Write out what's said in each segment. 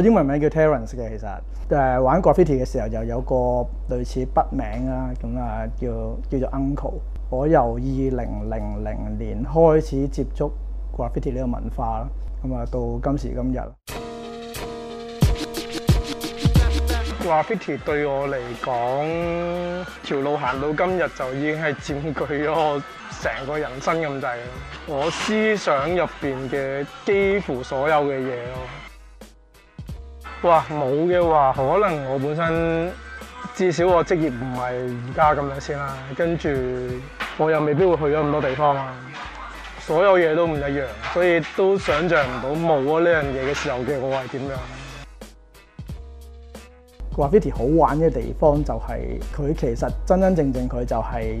我英文名叫 Terence 嘅，其實誒玩 graffiti 嘅時候，就有個類似筆名啦，咁啊叫叫做 Uncle。我由二零零零年開始接觸 graffiti 呢個文化啦，咁啊到今時今日。graffiti 對我嚟講，條路行到今日就已經係佔據咗我成個人生咁滯咯。我思想入邊嘅幾乎所有嘅嘢咯。哇，冇嘅話，可能我本身至少我職業唔係而家咁樣先啦，跟住我又未必會去咗咁多地方啊，所有嘢都唔一樣，所以都想像唔到冇咗呢樣嘢嘅時候嘅我係點樣？佢話 Vicky 好玩嘅地方就係、是、佢其實真真正正佢就係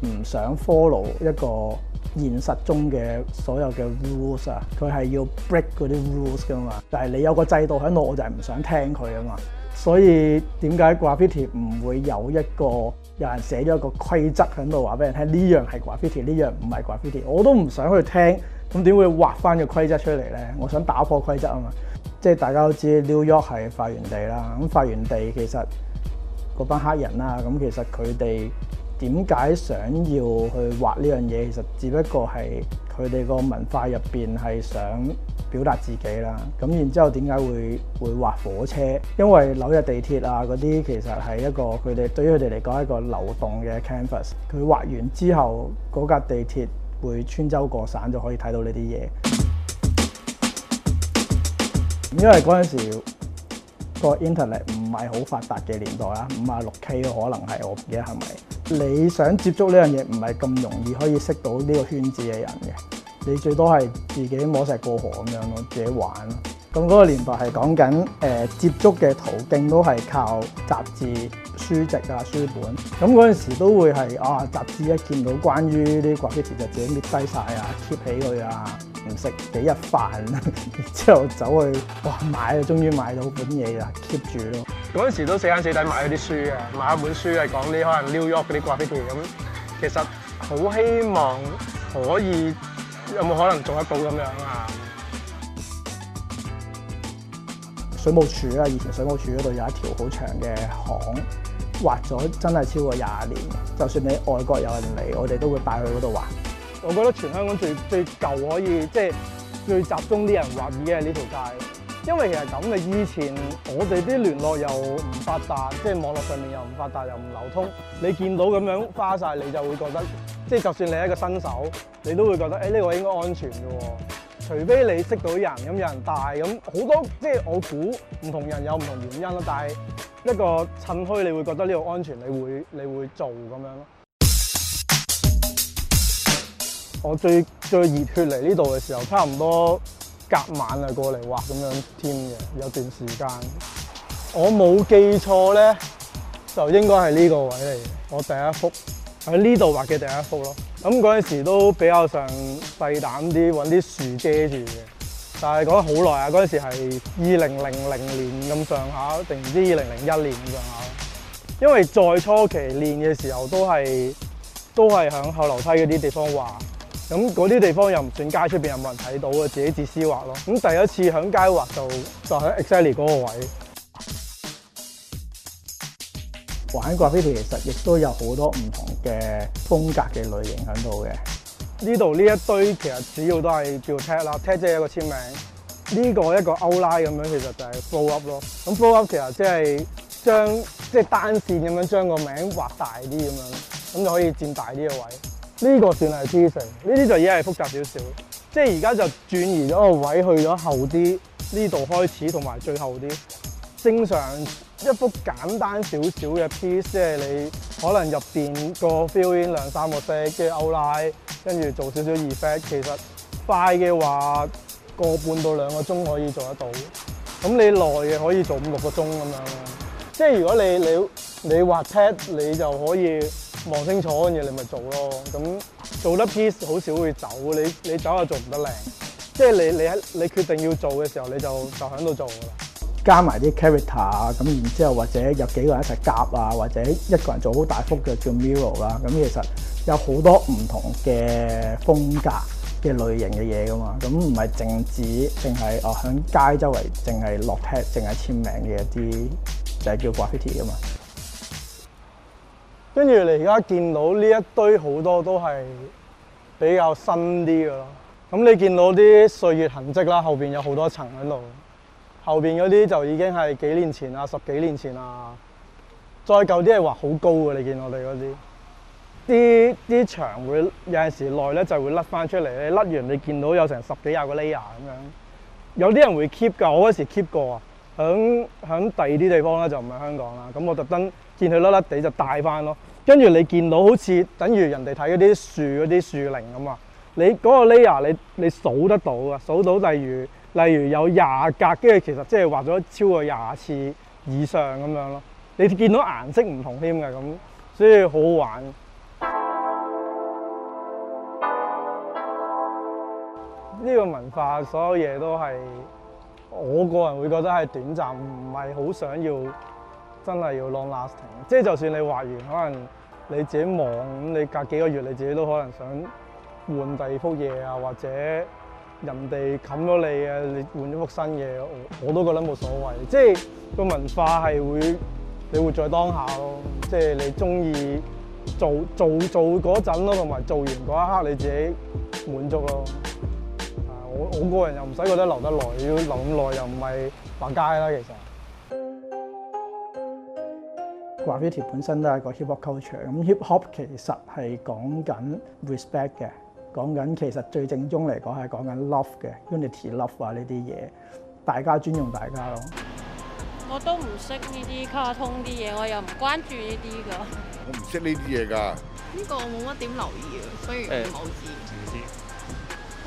唔想 follow 一個。現實中嘅所有嘅 rules 啊，佢係要 break 嗰啲 rules 噶嘛，但係你有個制度喺度，我就係唔想聽佢啊嘛。所以點解 Graffiti 唔會有一個有人寫咗一個規則喺度話俾人聽？呢樣係 Graffiti，呢樣唔係 Graffiti？我都唔想去聽，咁點會畫翻個規則出嚟咧？我想打破規則啊嘛。即係大家都知 New York 係發源地啦，咁發源地其實嗰班黑人啊，咁其實佢哋。點解想要去畫呢樣嘢？其實只不過係佢哋個文化入邊係想表達自己啦。咁然之後點解會會畫火車？因為紐約地鐵啊嗰啲其實係一個佢哋對於佢哋嚟講係一個流動嘅 canvas。佢畫完之後嗰架、那個、地鐵會穿州過省就可以睇到呢啲嘢。因為嗰陣時。個 internet 唔係好發達嘅年代啊，五啊六 K 咯，可能係我唔記得係咪？你想接觸呢樣嘢唔係咁容易可以識到呢個圈子嘅人嘅，你最多係自己摸石過河咁樣咯，自己玩咯。咁嗰個年代係講緊誒接觸嘅途徑都係靠雜誌、書籍啊、書本。咁嗰陣時都會係啊雜誌一見到關於呢個機器人就自己搣低晒啊，keep 起佢啊。唔食幾日飯， 然之後走去哇買，終於買到本嘢啦，keep 住咯。嗰陣時都死慳死抵買咗啲書嘅，買一本書嚟講你，你可能 New York 嗰啲 graffiti 咁，其實好希望可以有冇可能做得到咁樣啊！水務署啊，以前水務署嗰度有一條好長嘅巷，畫咗真係超過廿年，就算你外國有人嚟，我哋都會帶去嗰度畫。我覺得全香港最最舊可以即係最集中啲人話已經係呢條街，因為其實咁嘅以前我哋啲聯絡又唔發達，即係網絡上面又唔發達又唔流通。你見到咁樣花晒，你就會覺得即係就算你係一個新手，你都會覺得誒呢個應該安全嘅喎。除非你識到人咁有人帶咁好多，即係我估唔同人有唔同原因咯。但係一個趁墟，你會覺得呢個安全，你會你會做咁樣咯。我最最熱血嚟呢度嘅時候，差唔多隔晚啊過嚟畫咁樣添嘅。有段時間我冇記錯咧，就應該係呢個位嚟嘅，我第一幅喺呢度畫嘅第一幅咯。咁嗰陣時都比較上細膽啲，搵啲樹遮住嘅。但係講得好耐啊，嗰陣時係二零零零年咁上下，定唔知二零零一年咁上下。因為再初期練嘅時候，都係都係響後樓梯嗰啲地方畫。咁嗰啲地方又唔算街出邊，又冇人睇到啊！自己自私畫咯。咁、嗯、第一次響街畫就就喺 Excite 嗰個位玩過。其實亦都有好多唔同嘅風格嘅類型喺度嘅。呢度呢一堆其實主要都係叫 tag 啦 tag 即係一個簽名。呢、這個一個 outline 咁樣，其實就係 full up 咯。咁 full up 其實即係將即係單線咁樣將個名畫大啲咁樣，咁就可以占大啲嘅位。呢個算係 piece，呢啲就已經係複雜少少，即係而家就轉移咗個位去咗後啲呢度開始，同埋最後啲。正常一幅簡單少少嘅 piece，即係你可能入邊個 feeling 兩三個嘅勾拉，跟住做少少 effect。其實快嘅話個半到兩個鐘可以做得到。咁你耐嘅可以做五六個鐘咁樣咯。即係如果你你你畫 tag，你就可以。望清楚嗰嘢，你咪做咯。咁做得 piece 好少會走，你你走又做唔得靚。 即係你你喺你決定要做嘅時候，你就就喺度做啦。加埋啲 character 啊，咁然之後或者有幾個人一齊夾啊，或者一個人做好大幅嘅叫 mirror 啦。咁其實有好多唔同嘅風格嘅類型嘅嘢噶嘛。咁唔係靜止，淨係哦喺街周圍淨係落 tag，淨係簽名嘅一啲就係、是、叫 graffiti 噶嘛。跟住你而家見到呢一堆好多都係比較新啲嘅咯，咁你見到啲歲月痕跡啦，後邊有好多層喺度，後邊嗰啲就已經係幾年前啊、十幾年前啊，再舊啲係畫好高嘅，你見我哋嗰啲，啲啲牆會有陣時耐咧就會甩翻出嚟，你甩完你見到有成十幾廿個 layer 咁樣，有啲人會 keep 㗎，我嗰時 keep 過。響響第二啲地方咧就唔係香港啦，咁我特登見佢甩甩地就帶翻咯。跟住你見到好似等於人哋睇嗰啲樹嗰啲樹齡咁啊，你嗰、嗰個 layer 你你數得到啊？數到例如例如有廿格，跟住其實即係畫咗超過廿次以上咁樣咯。你見到顏色唔同添嘅咁，所以好好玩。呢 個文化所有嘢都係。我個人會覺得係短暫，唔係好想要真係要 long lasting。即係就算你畫完，可能你自己望，咁你隔幾個月你自己都可能想換第二幅嘢啊，或者人哋冚咗你啊，你換咗幅新嘢，我都覺得冇所謂。即係個文化係會你活在當下咯，即係你中意做做做嗰陣咯，同埋做完嗰一刻你自己滿足咯。我我個人又唔使覺得留得耐，要留耐又唔係白街啦。其實，graffiti 本身都係個 hip hop culture。咁 hip hop 其實係講緊 respect 嘅，講緊其實最正宗嚟講係講緊 love 嘅，unity love 啊呢啲嘢，大家尊重大家咯。我都唔識呢啲卡通啲嘢，我又唔關注呢啲㗎。我唔識呢啲嘢㗎。呢個我冇乜點留意啊，所以唔好意。唔知、欸。等等.誒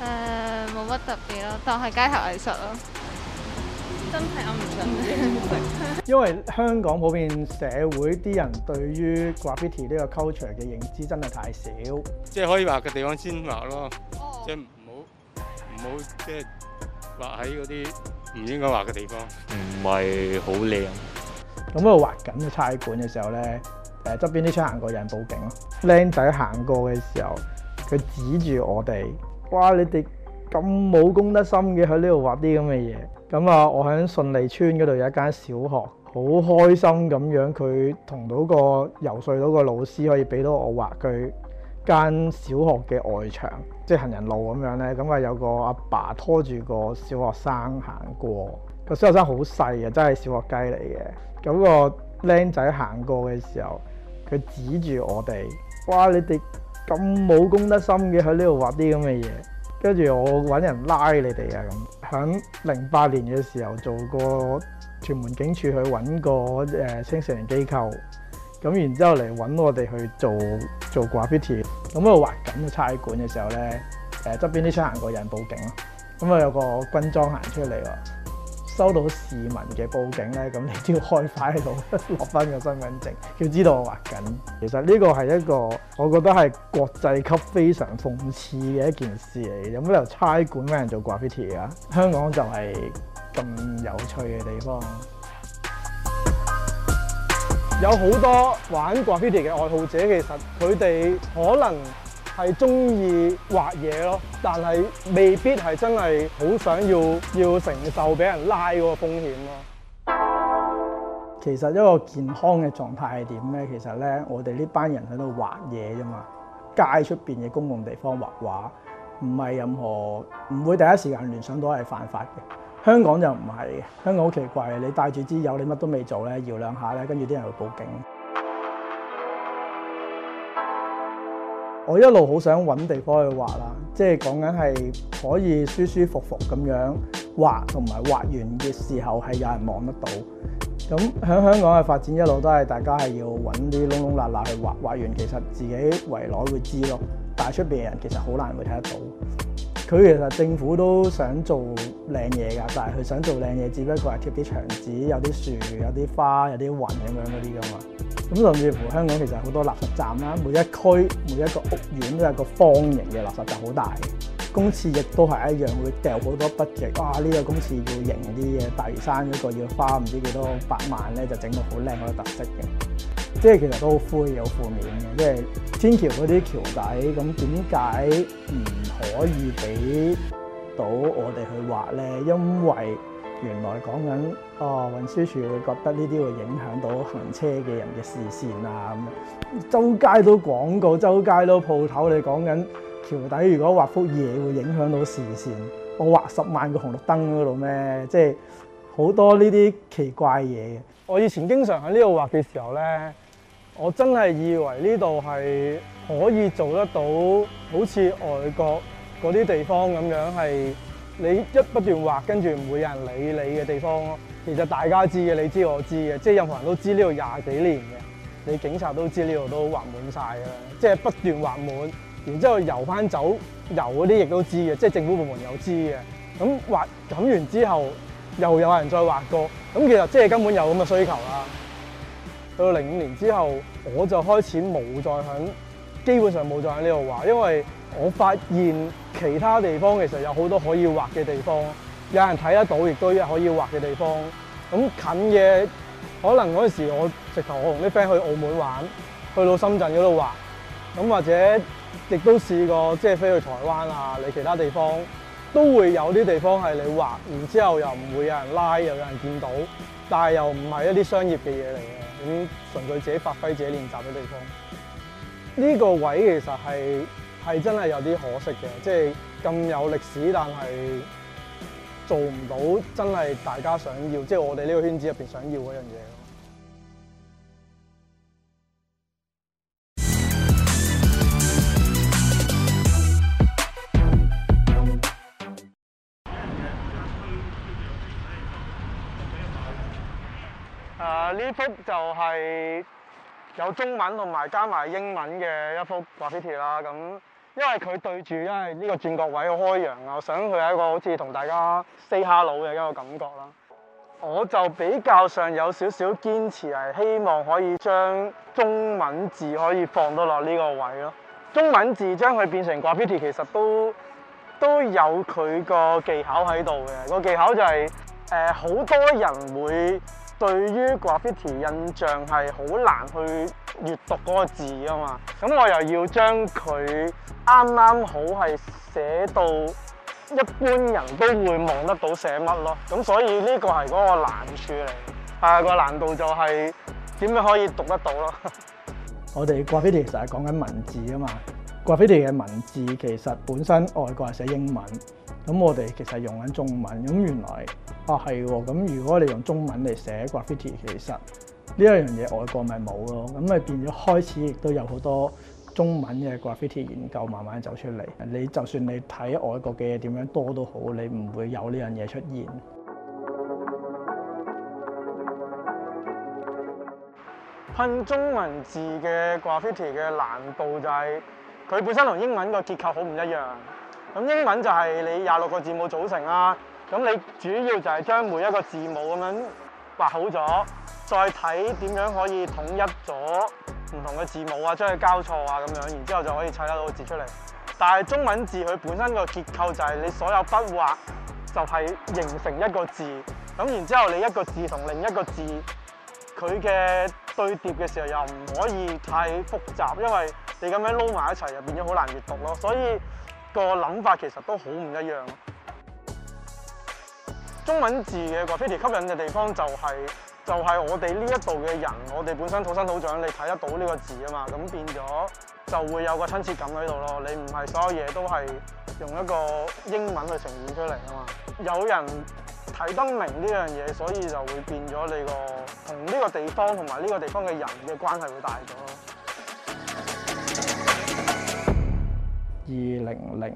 冇乜特別咯，當係街頭藝術咯，真係噏唔準，因為香港普遍社會啲人對於 graffiti 呢個 culture 嘅認知真係太少，即係可以畫嘅地方先畫咯，即係唔好唔好即係畫喺嗰啲唔應該畫嘅地方，唔係好靚。咁喺度畫緊嘅差館嘅時候咧，誒側邊啲車行過有人報警咯，僆仔行過嘅時候，佢指住我哋。哇！你哋咁冇公德心嘅喺呢度畫啲咁嘅嘢，咁啊，我喺順利邨嗰度有一間小學，好開心咁樣，佢同到個游說到個老師可以俾到我畫佢間小學嘅外牆，即係行人路咁樣呢。咁啊有個阿爸拖住個小學生行過，個小學生好細嘅，真係小學雞嚟嘅，咁個靚仔行過嘅時候，佢指住我哋，哇！你哋～咁冇公德心嘅喺呢度畫啲咁嘅嘢，跟住我揾人拉你哋啊咁。喺零八年嘅時候做過屯門警署去，去揾個誒青少年機構，咁然之後嚟揾我哋去做做 graffiti 咁，喺度畫緊嘅差館嘅時候咧，誒、呃、側邊啲車行過有人報警咯，咁啊有個軍裝行出嚟喎。收到市民嘅報警咧，咁你都要開快喺度落翻個身份證，要知道我畫緊。其實呢個係一個我覺得係國際級非常諷刺嘅一件事嚟嘅，有乜理由差館畀人做 graffiti 啊？香港就係咁有趣嘅地方。 有好多玩 graffiti 嘅愛好者，其實佢哋可能。係中意畫嘢咯，但係未必係真係好想要要承受俾人拉嗰個風險咯。其實一個健康嘅狀態係點呢？其實呢，我哋呢班人喺度畫嘢啫嘛，街出邊嘅公共地方畫畫，唔係任何唔會第一時間聯想到係犯法嘅。香港就唔係嘅，香港好奇怪，你帶住支油，你乜都未做呢，搖兩下呢，跟住啲人去報警。我一路好想揾地方去畫啦，即係講緊係可以舒舒服服咁樣畫，同埋畫完嘅時候係有人望得到。咁喺香港嘅發展一路都係大家係要揾啲窿窿罅罅去畫，畫完其實自己圍內會知咯，但係出邊人其實好難會睇得到。佢其實政府都想做靚嘢㗎，但係佢想做靚嘢，只不過係貼啲牆紙，有啲樹，有啲花，有啲雲咁樣嗰啲㗎嘛。咁甚至乎香港其實好多垃圾站啦，每一區每一個屋苑都有個方形嘅垃圾站，好大。公廁亦都係一樣，會掉好多筆嘅。哇！呢個公廁要型啲嘅，大嶼山嗰個要花唔知幾多百萬咧，就整到好靚，好有特色嘅。即係其實都好灰，有負面嘅。即係天橋嗰啲橋底，咁點解唔可以俾到我哋去畫咧？因為原來講緊哦，運輸署會覺得呢啲會影響到行車嘅人嘅視線啊！咁周街都廣告，周街都鋪頭，你講緊橋底如果畫幅嘢會影響到視線，我畫十萬個紅綠燈嗰度咩？即係好多呢啲奇怪嘢嘅。我以前經常喺呢度畫嘅時候咧，我真係以為呢度係可以做得到，好似外國嗰啲地方咁樣係。你一不斷畫，跟住唔會有人理你嘅地方咯。其實大家知嘅，你知我知嘅，即係任何人都知呢度廿幾年嘅，你警察都知呢度都畫滿晒嘅，即係不斷畫滿，然之後遊翻走遊嗰啲亦都知嘅，即係政府部門又知嘅。咁、嗯、畫噉完之後，又有人再畫過。咁、嗯、其實即係根本有咁嘅需求啦。到零五年之後，我就開始冇再喺，基本上冇再喺呢度畫，因為。我發現其他地方其實有好多可以畫嘅地方，有人睇得到，亦都有可以畫嘅地方。咁近嘅可能嗰陣時，我直頭我同啲 friend 去澳門玩，去到深圳嗰度畫。咁或者亦都試過即係飛去台灣啊，你其他地方都會有啲地方係你畫，然之後又唔會有人拉，又有人見到，但係又唔係一啲商業嘅嘢嚟嘅。咁純粹自己發揮、自己練習嘅地方。呢個位其實係。係真係有啲可惜嘅，即係咁有歷史，但係做唔到真係大家想要，即係我哋呢個圈子入邊想要嗰樣嘢。啊，呢幅就係有中文同埋加埋英文嘅一幅畫帖啦，咁。因為佢對住，因為呢個轉角位好開揚啊，我想佢係一個好似同大家 say hello 嘅一個感覺啦。我就比較上有少少堅持係，希望可以將中文字可以放到落呢個位咯。中文字將佢變成 graffiti，其實都都有佢個技巧喺度嘅。個技巧就係、是，誒、呃，好多人會。對於 Graffiti 印象係好難去閲讀嗰個字啊嘛，咁我又要將佢啱啱好係寫到一般人都會望得到寫乜咯，咁所以呢個係嗰個難處嚟，係啊個難度，啊、難度就係點樣可以讀得到咯。 我哋 Graffiti 實係講緊文字啊嘛，Graffiti 嘅文字其實本身外國係寫英文。咁我哋其實用緊中文，咁原來啊係喎，咁如果你用中文嚟寫 graffiti，其實呢一樣嘢外國咪冇咯，咁咪變咗開始亦都有好多中文嘅 graffiti 研究慢慢走出嚟。你就算你睇外國嘅嘢點樣多都好，你唔會有呢樣嘢出現。噴中文字嘅 graffiti 嘅難度就係佢本身同英文個結構好唔一樣。咁英文就係你廿六個字母組成啦、啊。咁你主要就係將每一個字母咁樣畫好咗，再睇點樣可以統一咗唔同嘅字母啊，將佢交錯啊咁樣，然之後就可以砌得到個字出嚟。但係中文字佢本身個結構就係你所有筆畫就係形成一個字。咁然之後你一個字同另一個字佢嘅對疊嘅時候又唔可以太複雜，因為你咁樣撈埋一齊就變咗好難閱讀咯，所以。個諗法其實都好唔一樣。中文字嘅個非吸引嘅地方就係，就係我哋呢一度嘅人，我哋本身土生土長，你睇得到呢個字啊嘛，咁變咗就會有個親切感喺度咯。你唔係所有嘢都係用一個英文去呈現出嚟啊嘛。有人睇得明呢樣嘢，所以就會變咗你個同呢個地方同埋呢個地方嘅人嘅關係會大咗。二零零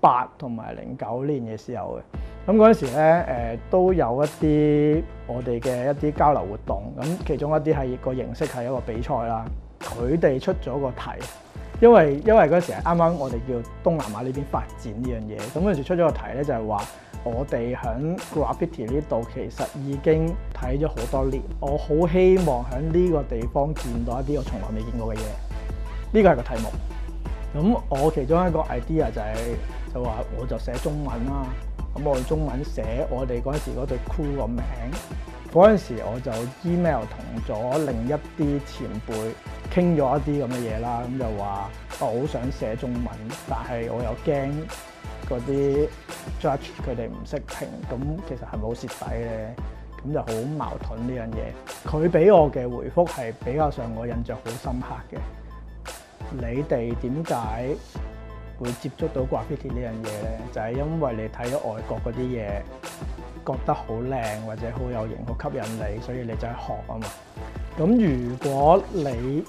八同埋零九年嘅時候嘅，咁嗰陣時咧，誒、呃、都有一啲我哋嘅一啲交流活動，咁其中一啲係個形式係一個比賽啦。佢哋出咗個題，因為因為嗰陣時係啱啱我哋叫東南亞呢邊發展呢樣嘢，咁嗰陣時出咗個題咧就係話，我哋喺 graffiti 呢度其實已經睇咗好多年，我好希望喺呢個地方見到一啲我從來未見過嘅嘢，呢個係個題目。咁我其中一個 idea 就係、是、就話我就寫中文啦、啊，咁我用中文寫我哋嗰陣時嗰隊 cool 個名。嗰陣時我就 email 同咗另一啲前輩傾咗一啲咁嘅嘢啦，咁就話我好想寫中文，但係我又驚嗰啲 judge 佢哋唔識聽，咁其實係冇蝕底咧，咁就好矛盾呢樣嘢。佢俾我嘅回覆係比較上我印象好深刻嘅。你哋點解會接觸到 graffiti 呢樣嘢咧？就係因為你睇咗外國嗰啲嘢，覺得好靚或者好有型、好吸引你，所以你就係學啊嘛。咁如果你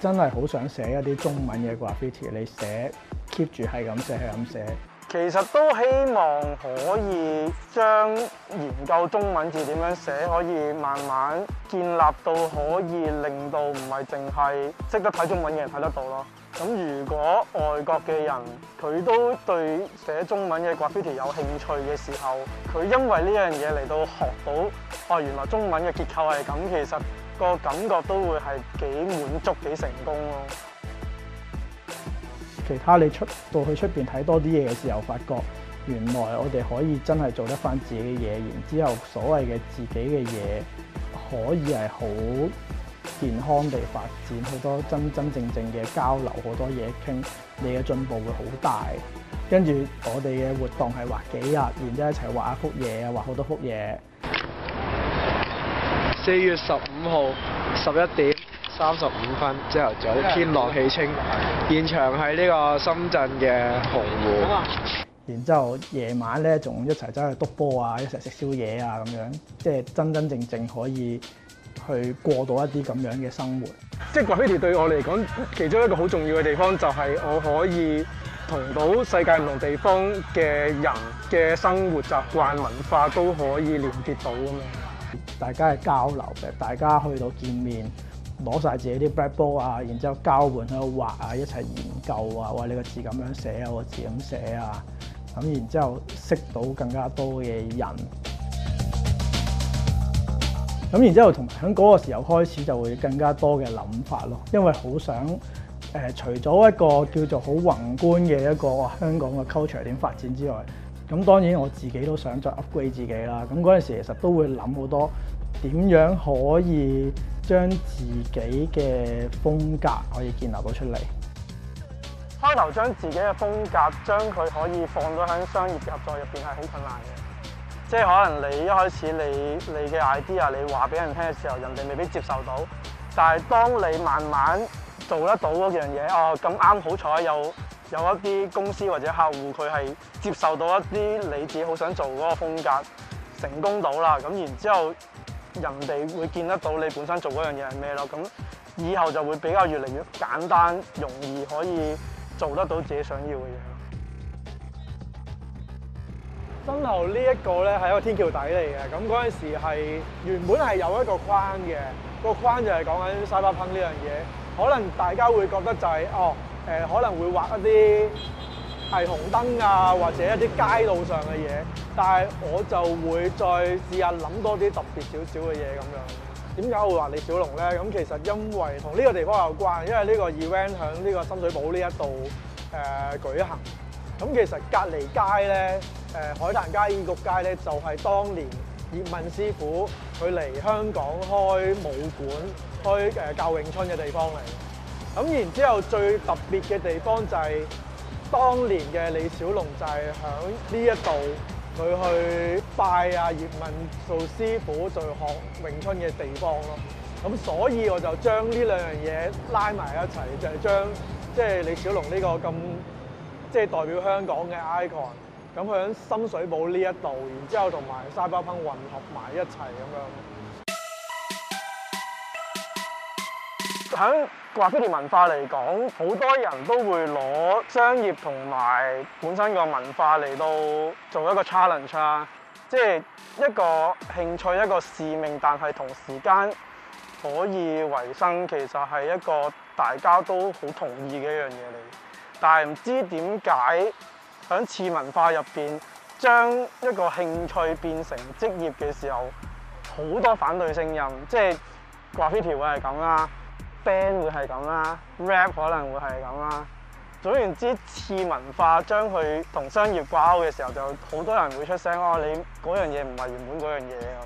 真係好想寫一啲中文嘅 graffiti 你寫 keep 住係咁寫，係咁寫。其實都希望可以將研究中文字點樣寫，可以慢慢建立到可以令到唔係淨係識得睇中文嘅人睇得到咯。咁如果外國嘅人佢都對寫中文嘅 graffiti 有興趣嘅時候，佢因為呢樣嘢嚟到學到，啊、哦、原來中文嘅結構係咁，其實個感覺都會係幾滿足幾成功咯。其他你出到去出邊睇多啲嘢嘅時候，發覺原來我哋可以真係做得翻自己嘅嘢，然之後所謂嘅自己嘅嘢可以係好健康地發展，好多真真正正嘅交流，好多嘢傾，你嘅進步會好大。跟住我哋嘅活動係畫幾日，然之後一齊畫一幅嘢啊，畫好多幅嘢。四月十五號十一點。三十五分朝頭早，天朗氣清。現場喺呢個深圳嘅洪湖，吧然之後夜晚咧，仲一齊走去篤波啊，一齊食宵夜啊，咁樣即係真真正正可以去過到一啲咁樣嘅生活。即係 Graffiti 對我嚟講，其中一個好重要嘅地方就係我可以同到世界唔同地方嘅人嘅生活習慣、文化都可以連結到啊嘛。大家係交流嘅，大家去到見面。攞晒自己啲 black book 啊，然之後交換喺度畫啊，一齊研究啊，哇！你個字咁樣寫啊，我字咁寫啊，咁然之後識到更加多嘅人。咁 然之後，同埋喺嗰個時候開始就會更加多嘅諗法咯，因為好想誒、呃、除咗一個叫做好宏觀嘅一個香港嘅 culture 點發展之外，咁當然我自己都想再 upgrade 自己啦。咁嗰陣時其實都會諗好多點樣可以。將自己嘅風格可以建立到出嚟。開頭將自己嘅風格，將佢可以放到喺商業嘅合作入邊係好困難嘅。即係可能你一開始你你嘅 idea，你話俾人聽嘅時候，人哋未必接受到。但係當你慢慢做得到嗰樣嘢，哦，咁啱好彩有有一啲公司或者客戶佢係接受到一啲你自己好想做嗰個風格，成功到啦。咁然之後。人哋會見得到你本身做嗰樣嘢係咩咯？咁以後就會比較越嚟越簡單、容易，可以做得到自己想要嘅嘢。之後呢一個咧係一個天橋底嚟嘅，咁嗰陣時係原本係有一個框嘅，個框就係講緊 Cyberpunk 呢樣嘢。可能大家會覺得就係、是、哦，誒、呃、可能會畫一啲。係紅燈啊，或者一啲街道上嘅嘢，但係我就會再試下諗多啲特別少少嘅嘢咁樣。點解會話李小龍咧？咁其實因為同呢個地方有關，因為呢個 event 喺呢個深水埗呢一度誒舉行。咁其實隔離街咧，誒海壇街、醫局街咧，就係當年葉問師傅佢嚟香港開武館、開誒教詠春嘅地方嚟。咁然之後最特別嘅地方就係。當年嘅李小龍就係喺呢一度，佢去拜阿葉問做師傅，去學詠春嘅地方咯。咁所以我就將呢兩樣嘢拉埋一齊，就係將即係李小龍呢個咁即係代表香港嘅 icon，咁喺深水埗呢一度，然之後同埋沙煲烹混合埋一齊咁樣。喺 graffiti 文化嚟講，好多人都會攞商業同埋本身個文化嚟到做一個 challenge 啊，即係一個興趣、一個使命，但係同時間可以維生，其實係一個大家都好同意嘅一樣嘢嚟。但係唔知點解喺次文化入邊，將一個興趣變成職業嘅時候，好多反對聲音，即係 graffiti 會係咁啦。band 會係咁啦，rap 可能會係咁啦。總言之，次文化將佢同商業掛鈎嘅時候，就好多人會出聲哦、啊，你嗰樣嘢唔係原本嗰樣嘢咁。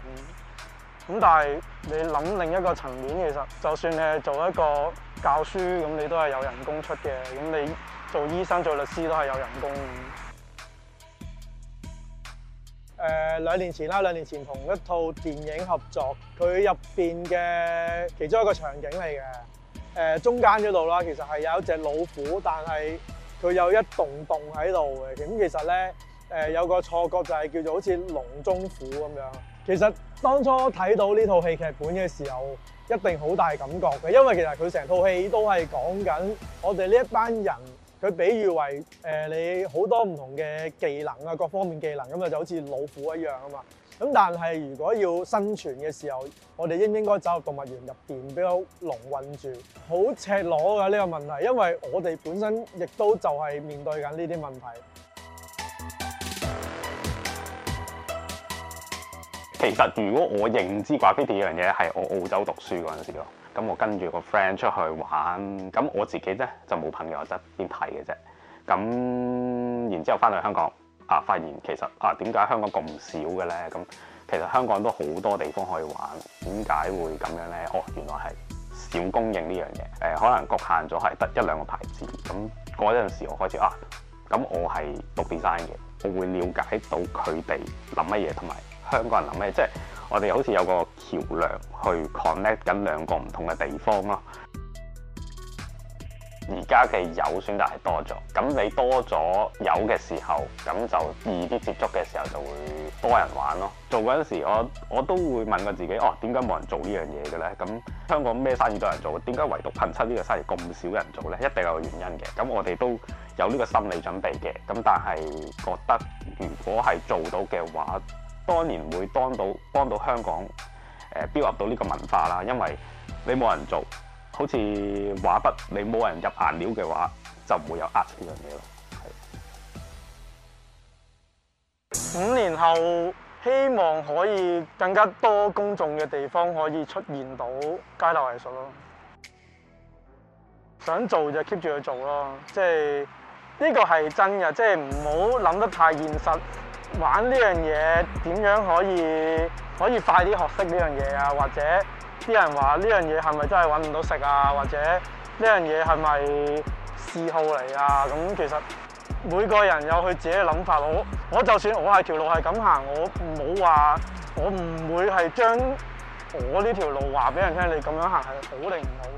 咁、嗯、但係你諗另一個層面，其實就算你係做一個教書，咁你都係有人工出嘅。咁你做醫生、做律師都係有人工。誒、呃、兩年前啦，兩年前同一套電影合作，佢入邊嘅其中一個場景嚟嘅。誒、呃、中間嗰度啦，其實係有一隻老虎，但係佢有一棟棟喺度嘅。咁其實咧，誒、呃、有個錯覺就係叫做好似籠中虎咁樣。其實當初睇到呢套戲劇本嘅時候，一定好大感覺嘅，因為其實佢成套戲都係講緊我哋呢一班人。佢比喻為誒、呃、你好多唔同嘅技能啊，各方面技能咁啊、嗯，就好似老虎一樣啊嘛。咁但係如果要生存嘅時候，我哋應唔應該走入動物園入邊俾個籠韞住？好赤裸噶呢、這個問題，因為我哋本身亦都就係面對緊呢啲問題。其實如果我認知 Graffiti 呢樣嘢，係、呃、我澳洲讀書嗰陣時咯。咁我跟住個 friend 出去玩，咁我自己呢就冇朋友側邊睇嘅啫。咁然之後翻到香港啊，發現其實啊點解香港咁少嘅呢？咁其實香港都好多地方可以玩，點解會咁樣呢？哦，原來係少供應呢樣嘢。誒、呃，可能局限咗係得一兩個牌子。咁嗰陣時我開始啊，咁我係讀 design 嘅，我會了解到佢哋諗乜嘢同埋香港人諗咩，即係。我哋好似有個橋梁去 connect 緊兩個唔同嘅地方咯。而家嘅油選擇係多咗，咁你多咗油嘅時候，咁就易啲接觸嘅時候就會多人玩咯。做嗰陣時我，我我都會問過自己，哦，點解冇人做呢樣嘢嘅咧？咁香港咩生意都有人做，點解唯獨噴漆呢個生意咁少人做咧？一定有原因嘅。咁我哋都有呢個心理準備嘅。咁但係覺得如果係做到嘅話，當年會當到幫到香港誒、呃、標入到呢個文化啦，因為你冇人做，好似畫筆你冇人入顏料嘅話，就唔會有呃呢樣嘢咯。五年後希望可以更加多公眾嘅地方可以出現到街頭藝術咯。想做就 keep 住去做咯，即係呢、這個係真嘅，即係唔好諗得太現實。玩呢樣嘢點樣可以可以快啲學識呢樣嘢啊？或者啲人話呢樣嘢係咪真係揾唔到食啊？或者呢樣嘢係咪嗜好嚟啊？咁其實每個人有佢自己嘅諗法咯，我就算我係條路係咁行，我冇話我唔會係將我呢條路話俾人聽。你咁樣行係好定唔好？